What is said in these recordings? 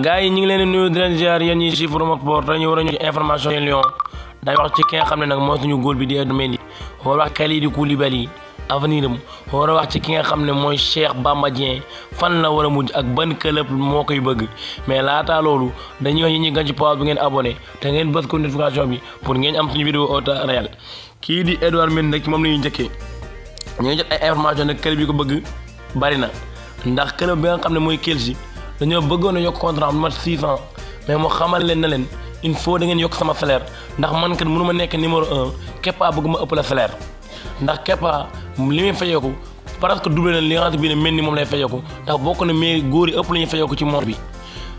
gaay ñi ngi leen nuyu di leen ziar yeen ñi ci forum ak sport dañu wara ñu information yeen lion day wax ci ki xamne nak mo suñu góol bi di ad meli war wax Kalidou Koulibaly avenir am war a wax ci ki nga xam ne Cheikh bamadien fan la wara a mujj ak ban club mo koy bëgg mais laata loolu dañuy wax ñi gën ci page bu ngeen abonné te ngeen bëss ko notification bi pour ngeen am suñu vidéo auto réel ki di Edouard men nak mom la ñuy njëkkee ñu ngi jot ay information nak club bi ko bëgg bari na ndax club bi nga xamne moy mooy Chelsea dañoo bëggoon a yokk contrat am mat 6 ans mais mu xamal leen na leen il faut da ngeen yokk sama salaire ndax man kat mënu ma nekk numéro un Kepa bëgg ma ëpp la salaire ndax Kepa li muy fayeeku presque doublé leen li bi xam mel ni moom lay fayeeku ndax bokk na mais góor yi ëpp la ñuy fayeeku ci monde bi.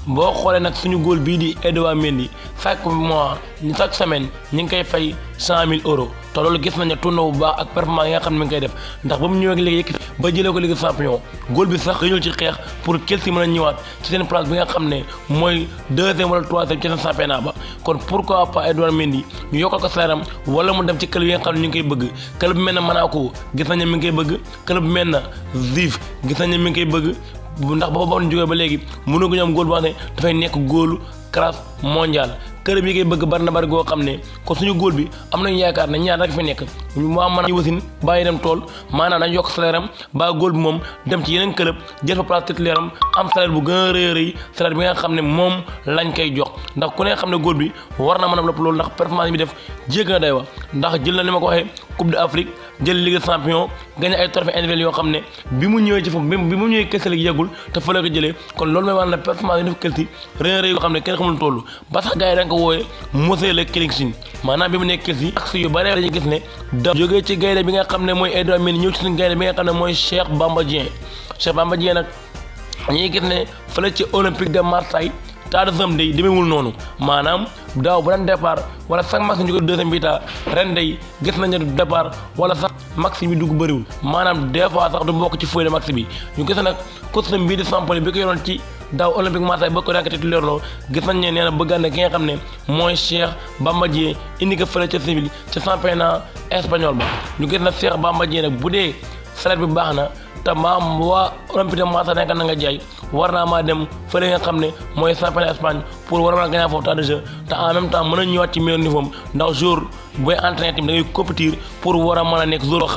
boo xoolee nag suñu góol bii di Edouard Mendy chaque mois chaque semaine ñi ngi koy fay cent mille euros te loolu gis nañ ne tourné bu baax ak performance yi nga xam ne mi ngi koy def ndax ba mu ñëwee ak léegi ba jëlee ko Ligue des Champions góol bi sax dañul ci xeex pour Chelsea mën a ñëwaat ci seen place bi nga xam ne mooy deuxième wala troisième ci seen championnat ba kon pourquoi pas Edouard Mendy ñu yokkal ko salaire am wala mu dem ci kël yi nga xam ne ñu ngi koy bëgg club bi mel ne Monaco gis nañ ne mi ngi bëgg club bu mel ne Lviv gis nañ ne mi ngi bëgg ndax ba ba ñu jógee ba léegi mënu ko ñoom góol boo xam ne dafay nekk góolu classe mondiale kër bi ngay bëgg bari na bari goo xam ne kon suñu góol bi am nañu yaakaar ne ñaar rek fi nekk waa man ñu wasin bàyyi dem tool maanaam dañu yokk salaire am ba góol moom dem ci yeneen club jël fa place am am salaire bu gën a rëy rëy salaire bi nga xam ne moom lañ koy jox ndax ku ne xam ne góol bi war na mën a lopp loolu ndax performance bi def jégg na day wax ndax jël na ni ma ko waxee coupe d'Afrique jël Ligue des Champions gagné ay trophées individuels yoo xam ne bi mu ñëwee ci foofu bi mu ñëwee Kelsey la yegul te fa la ko jëlee kon loolu mooy maanaam performance yi def Kelsey rëy rëy yoo xam ne kenn xamul toll ba sax gars yi da nga ko wooyee Moussa la Kelsey maanaam bi mu nekk Kelsey axe yu bëree dañuy gis ne da jógee ci gaynde bi nga xam ne mooy Edouard Mendy ñëw ci suñu gaynde bi nga xam ne mooy Cheikh Bamba Dieng Cheikh nag dañuy gis ne ci Olympique de Marseille taadasam day wul nonu manam daw bu dan départ wala sax max ñu ko deuxième bi ta ren day gis nañu du départ wala sax max bi bari wul manam des fois sax du bokk ci feuille de max bi ñu gis nag coach mbii di sampali bi ko yoroon ci daw olympique Marseille bokk rank nekk titulaire loo gis nañ ne nee na bëggaan ki nga xamne moy Cheikh Bamba dié indi ko fële ci Séville ci championnat espagnol ba ñu gis na Cheikh Bamba dié nak budé salaire bi baxna te maam waa na nga jaay war naa maa dem fële nga xam ne mooy championnat Espagne pour war maa gagner foofu temps de a a a nekk jour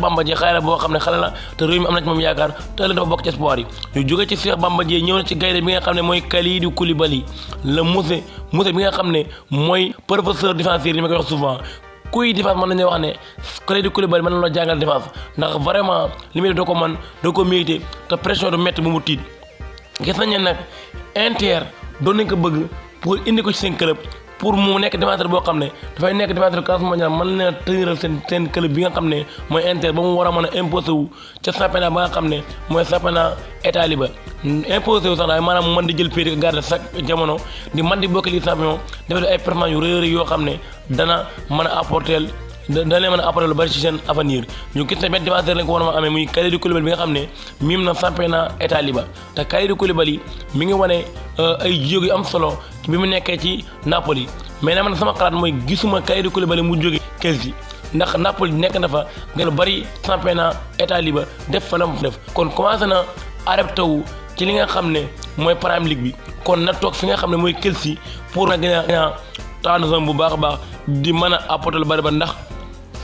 Bamba Dieng xale boo xam ne xale te réew am na ci moom yaakaar te ëllëg dafa bokk espoir yi ñëw na ci gaynde bi nga xam ne mooy Kalidou Koulibaly la Moussé Moussé bi nga xam ne mooy professeur défenseur yi ma koy wax kuy défense a nañu wax ne Kalidou Koulibaly mën na la jàngal défense ndax vraiment li muy def doo ko mën doo ko mérité te pression du métti bu mu tiit gis nañ ne nag Inter doon nañ ko bëgg pour indi ko ci seen club pour mu nekk défenseur boo xam ne dafay nekk défenseur classe mondiale mën leen a tëral seen seen bi nga xam ne mooy Inter ba mu war a mën a imposé ca championnat ba nga xam ne mooy championnat Italie ba imposé wu sax daal maanaam mën di jël pied di garder chaque jamono di di bokk li champion ay performance yu rëy yoo xam ne dana mën a apporter da leen mën a apporter lu bari ci seen avenir a a amee muy Kalidou Koulibaly bi nga xam ne miim na championnat Italie ba mi ngi wane euh, ay jéego yu am solo bi mu nekkee ci Napoli mais na man sama xalaat mooy gisuma Kalidou Koulibaly mu jóge Chelsea ndax Napoli nekk na fa nga lu bari championnat Italie ba def fa la mu def kon commencé na arrêté wu ci li nga xam ne mooy Premier League bi kon na toog fi nga xam ne mooy Chelsea pour na gën a bu baax a baax di mën a apporter lu bari ba ndax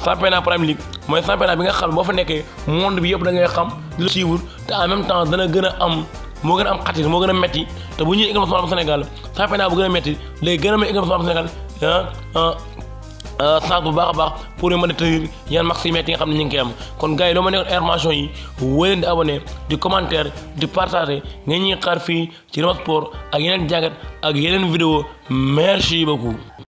championnat Premier League mooy championnat bi nga xam boo fa nekkee monde bi yëpp da ngay xam lu suivre te en même temps dana gën a am. moo gën a am xatis moo gën a metti te bu ñuy équipe nationale bu Sénégal championnat bu gën a metti lay gën a may équipe nationale bu Sénégal ah, ah, ah bu baax a baax pour mën a tërir yan max yi metti xam ne ñu ngi koy am kon gars yi loo ma nekkoon information yi wéy leen di abonné di commentaire di partager ngeen ñuy xaar fii ci Rmo Sport ak yeneen jàngat ak yeneen vidéo merci beaucoup